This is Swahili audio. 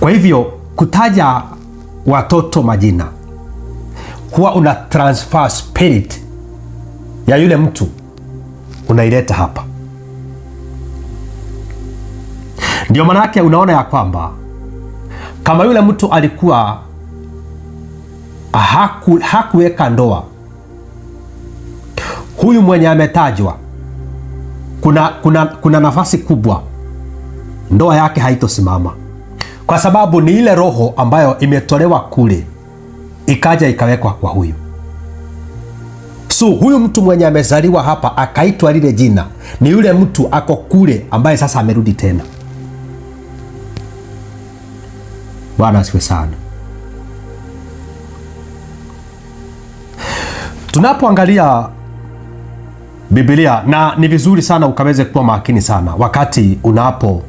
Kwa hivyo kutaja watoto majina huwa una transfer spirit ya yule mtu unaileta hapa. Ndio maana yake unaona ya kwamba kama yule mtu alikuwa haku, hakuweka ndoa, huyu mwenye ametajwa, kuna, kuna, kuna nafasi kubwa ndoa yake haitosimama kwa sababu ni ile roho ambayo imetolewa kule ikaja ikawekwa kwa huyu su so, huyu mtu mwenye amezaliwa hapa akaitwa lile jina ni yule mtu ako kule ambaye sasa amerudi tena. Bwana asiwe sana. Tunapoangalia Biblia na ni vizuri sana ukaweze kuwa makini sana wakati unapo